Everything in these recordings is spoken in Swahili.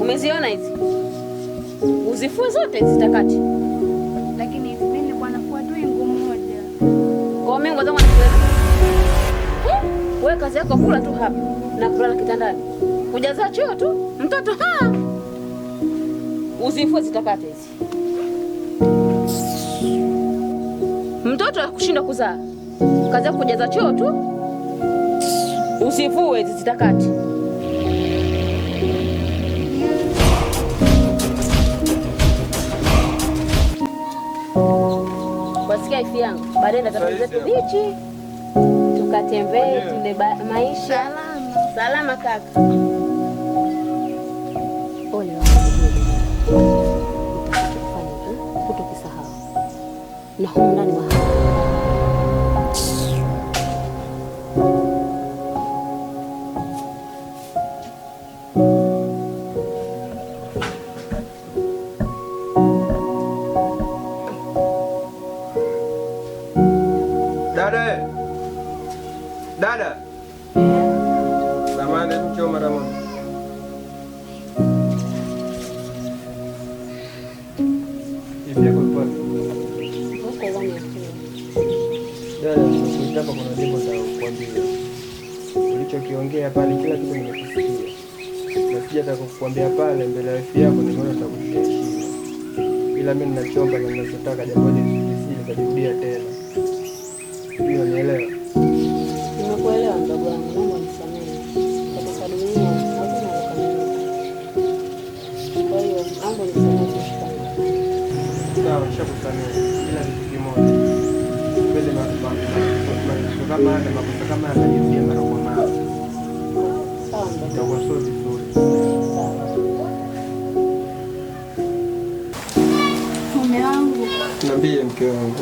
Umeziona hizi? Uzifue zote zitakati. Lakini mimi nafua tu ingo moja. Ngome ngoza mwana wewe kazi yako kula tu hapa na kulala kitandani. Kujaza choo tu mtoto ha. Uzifue zitakate hizi. Mtoto akushinda kuzaa, kazi yako kujaza choo tu. Usifue zitakati. Wasikia ifi yangu, baadaye ndatafuta zetu bichi, tukatembee tule maisha salama, salama kaka. Ole kuto kisahau na ndani Dada, dada, samahani, njoo mara moja. pale, kila kitu nimekusikia, na sijataka kukuambia pale mbele ya yako, nimeona heshima, ila mimi ninachoomba na ninachotaka jambo lisije likajirudia tena. Unanielewa? Nimekuelewa mdogo wangu, Mungu anisamehe. Kwa sababu mimi hakuna ukamilifu. Kwa hiyo Mungu anisamehe Sawa, nishakusamehe. Ila kitu kimoja. Mbele mambo kama haya makosa kama yanajisikia mara kwa mara. Sawa, ndio sio vizuri. Niambie mke wangu.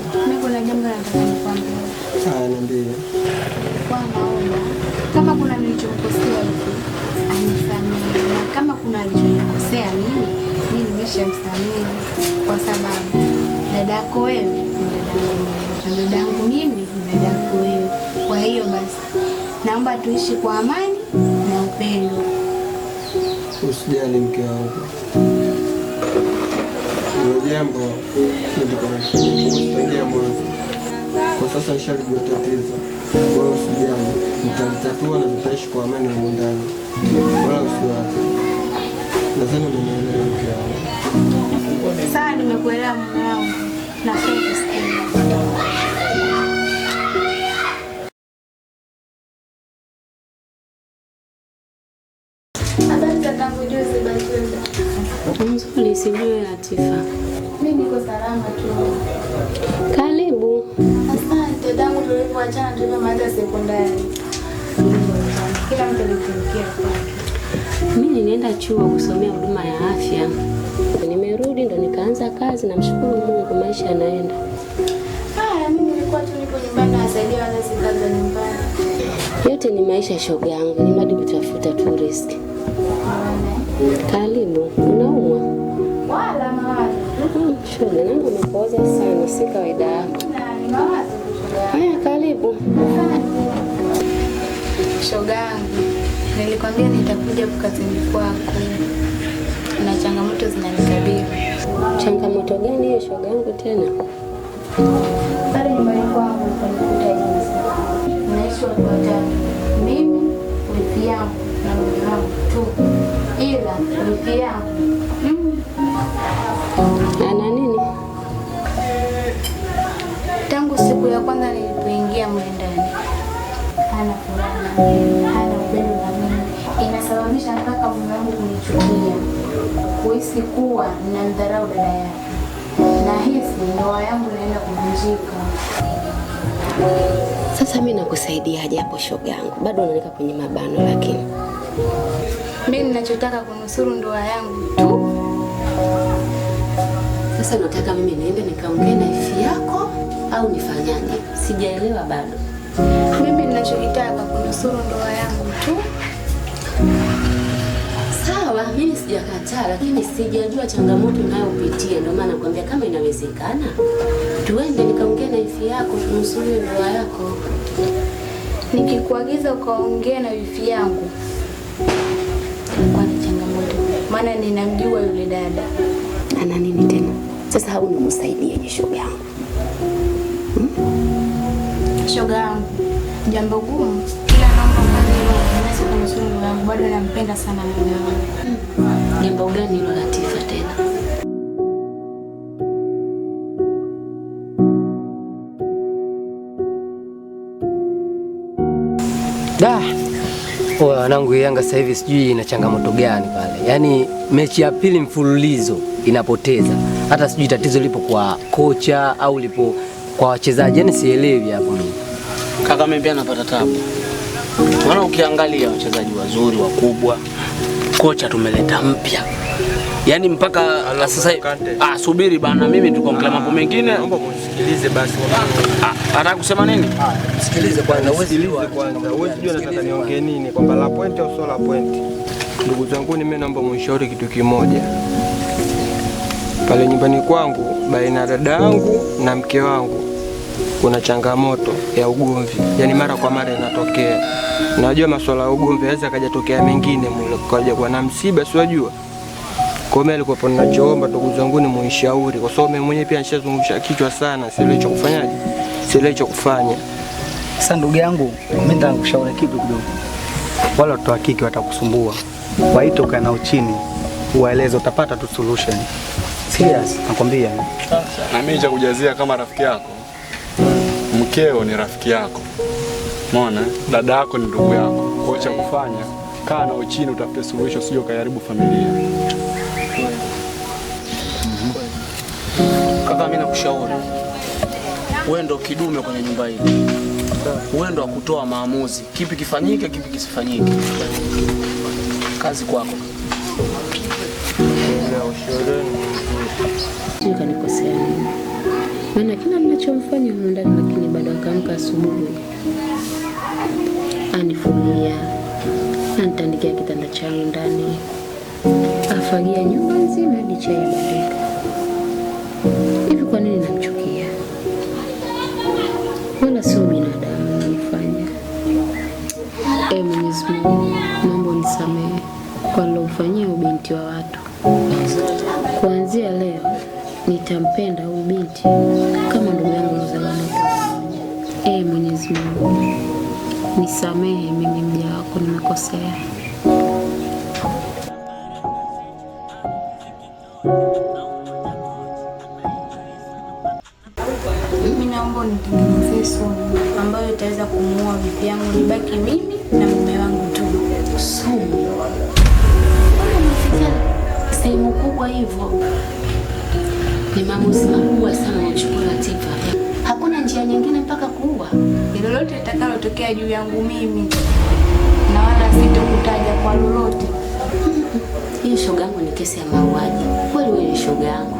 Niambie kama kuna nilichokosea hivi na kama kuna alichonikosea mimi, mimi nimeshamsamehe kwa sababu dadako yako wewe ni dada, dada mimi ni dada wewe. Kwa hiyo basi, naomba tuishi kwa amani na upendo. Usijali mke wangu, ndio jambo sasa nishalijua tatizo, wala usijali, nitalitatua na nitaishi kwa amani humu ndani, wala usiwazi. Nadhani umenielewa mke wangu. Sawa, nimekuelewa mume wangu. Mzuri, sijui Latifa. Mimi niko salama tu. tuliachana tulivyomaliza sekondari, kila mtu alitumikia kwake. Mimi nilienda chuo kusomea huduma ya afya, nimerudi ndo nikaanza kazi. Namshukuru Mungu, maisha yanaenda. Haya, mimi nilikuwa tu niko nyumbani nawasaidia wazazi kazi za nyumbani. Yote ni maisha, shoga yangu, ni madi kutafuta tu riski. Karibu, unaumwa wala mama? Shoga yangu, umepooza sana, si kawaida yako. Karibu shogangu, nilikwambia nitakuja kukazini kwako na changamoto zinanikabili. Changamoto gani hiyo shogangu? Tena pale nyumbani kwangu palikuta jinsi naishi watu watatu, mimi wifi yangu na mume wangu tu, ila wifi yangu ana nini tangu siku ya kwanza kuingia mle ndani, hana furaha, hana upendo na mimi. Inasababisha mpaka mume wangu kunichukia, kuhisi kuwa ninamdharau dada yake, na hisi ndoa yangu inaenda kuvunjika. Sasa mi nakusaidia japo, shoga yangu, bado unaweka kwenye mabano, lakini mimi ninachotaka kunusuru ndoa yangu tu. Sasa nataka mimi niende nikaongee na ifi yako au nifanyaje? Sijaelewa bado. Mimi ninachokitaka kunusuru ndoa yangu tu. Sawa, mimi sijakataa, lakini sijajua changamoto unayopitia. Ndio maana nakwambia kama inawezekana tuende nikaongea na wifi yako tunusuru ndoa yako. Nikikuagiza ukaongea na wifi yangu itakuwa changamoto, maana ninamjua yule dada. Ana nini tena sasa? Au nimsaidieje shoga yangu? Shoga yangu, jambo gumu, ila naomba mume wangu, bado nampenda sana mume wangu. Hmm. Jambo gani Latifa tena? Da. Wanangu Yanga sasa hivi sijui ina changamoto gani pale. Yaani mechi ya pili mfululizo inapoteza. Hata sijui tatizo lipo kwa kocha au lipo kwa wachezaji, yani sielewi hapo mimi. Kaka mimi pia napata tabu, maana ukiangalia wachezaji wazuri wakubwa, kocha tumeleta mpya yani mpaka sasa. Ah, subiri bana, mimi tuko kwa mambo mengine. Naomba unisikilize basi. Ah, anataka kusema nini? Ah, Sikilize kwanza, usikilize kwanza. Huwezi jua nataka niongee nini, kwamba la point au sio la point. Ndugu zangu, mimi naomba mnishauri kitu kimoja. Pale nyumbani kwangu, baina ya dada yangu na mke wangu kuna changamoto ya ugomvi, yani mara kwa mara inatokea. Najua masuala ya ugomvi yaweza tokea mengine mule kaja kwa na msiba, si wajua kwa mimi alikuwa pona. ninachoomba ndugu zangu ni mnishauri, kwa sababu mimi mwenyewe pia nishazungusha kichwa sana, sielewi cha kufanyaje, sielewi cha kufanya. Sasa ndugu yangu, mimi nitakushauri kitu kidogo. wala watu hakiki kike watakusumbua, waite ukae nao chini, waeleze, utapata tu solution. Serious nakwambia, na mimi nitakujazia kama rafiki yako mkeo ni rafiki yako, umeona, dada yako ni ndugu yako. Kwa cha kufanya kaa na uchini, utafute suluhisho, sio kayaribu familia. Mhm. Kaka, mimi nakushauri wewe ndo kidume kwenye nyumba hii, wewe ndo akutoa maamuzi, kipi kifanyike, kipi kisifanyike. Kazi kwako. Kanikosea maana kila mnachomfanya humu ndani nikaamka asubuhi, anifumia antandikia kitanda changu ndani, afagia nyumba nzima hadi chai baridi. Hivi kwa nini namchukia? Wala sio binadamu nanifanya. E ee Mwenyezi Mungu, mambo nisamehe kwa nilofanyia ubinti wa watu. Kuanzia leo nitampenda huyu binti kama ndugu yangu mzalamo. Mwenyezi Mungu, nisamehe mimi mja wako, nimekosea. Mimi naomba unitengenezee sumu ambayo itaweza kumuua bibi yangu, nibaki mimi na mume wangu tu. Sumu sehemu kubwa hivyo ni maamuzi makubwa sana, chukua ratiba njia nyingine mpaka kuua. Lolote litakalotokea juu yangu mimi na wala sitokutaja kwa lolote. Hiyo shoga yangu ni kesi ya mauaji kweli, wewe ni shoga yangu,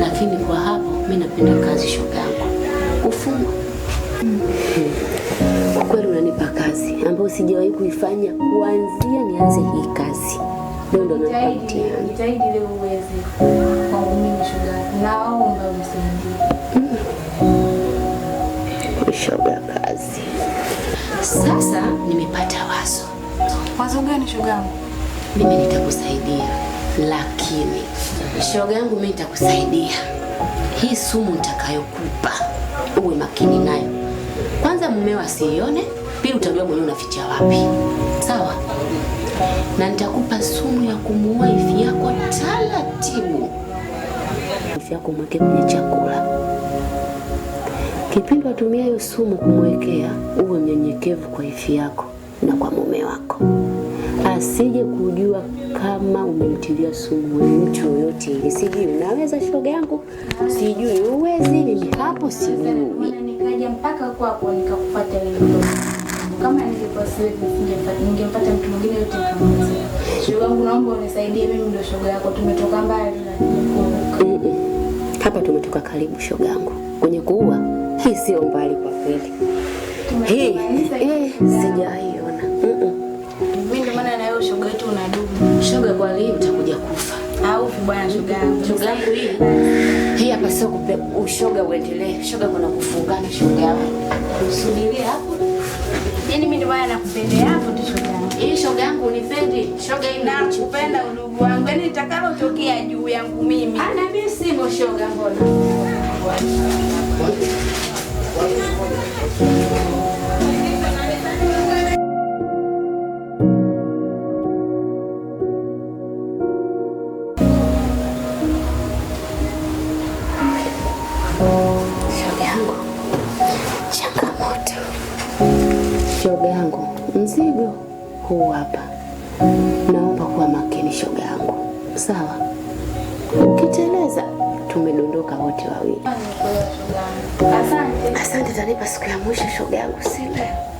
lakini kwa hapo mi napenda kazi shoga yangu ufungwa hmm. kwa kweli unanipa kazi ambayo sijawahi kuifanya, kuanzia nianze hii kazi leo. Ndio najitahidi leo uweze, kwa mimi shoga, naomba msaidie. Hmm shoga kazi. Sasa nimepata wazo. Wazo gani shogangu? Mimi nitakusaidia, lakini shogangu, mimi nitakusaidia. Hii sumu nitakayokupa uwe makini nayo. Kwanza mumeo asiione, pili utajua mwenyewe unaficha wapi. Sawa? Na nitakupa sumu ya kumuua ifi yako taratibu, ifi yako mweke kwenye chakula Kipindi watumia hiyo sumu kumwekea, uwe mnyenyekevu kwa ifi yako na kwa mume wako, asije kujua kama umemtilia sumu mtu yoyote ile. Sijui unaweza, shoga yangu, sijui uwezi, mimi hapo sijui. Nikaja mpaka kwako wewe, kama mtu mwingine yote shoga yangu, naomba unisaidie, mimi ndio shoga yako, tumetoka mbali hapa, tumetoka karibu shoga yangu, kwenye kuua hii sio mbali kwa kweli. Hii eh, sijaiona. Mimi ndio maana na wewe shoga yetu unadumu. Shoga kwa leo utakuja kufa. Au bwana shoga yangu. Shoga yangu hii. Hii hapa sio kupe ushoga uendelee. Shoga kuna kufungana shoga yangu. Usubirie hapo. Yaani mimi ndio maana nakupendea hapo tu shoga yangu. Hii shoga yangu unipendi. Shoga hii nakupenda udugu wangu. Yaani nitakalo tokea juu yangu mimi. Ana mimi simo shoga mbona changamoto. mzigo huu hapa. Naomba kuwa makini sawa? Ukiteleza tumedondoka wote wawili. Asante, asante. Utanipa siku ya mwisho shoga yangu, sina